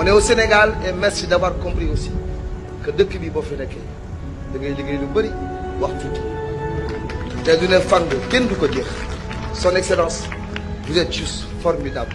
on est au Sénégal et merci d'avoir compris aussi que depuis bi degré fi nekkee da ngay liggéey lu du son excellence vous êtes juste formidable.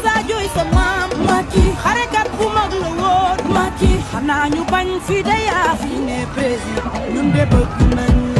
xanaa ñu bañ fi de yaa fi ne président ñun de bëgg nañ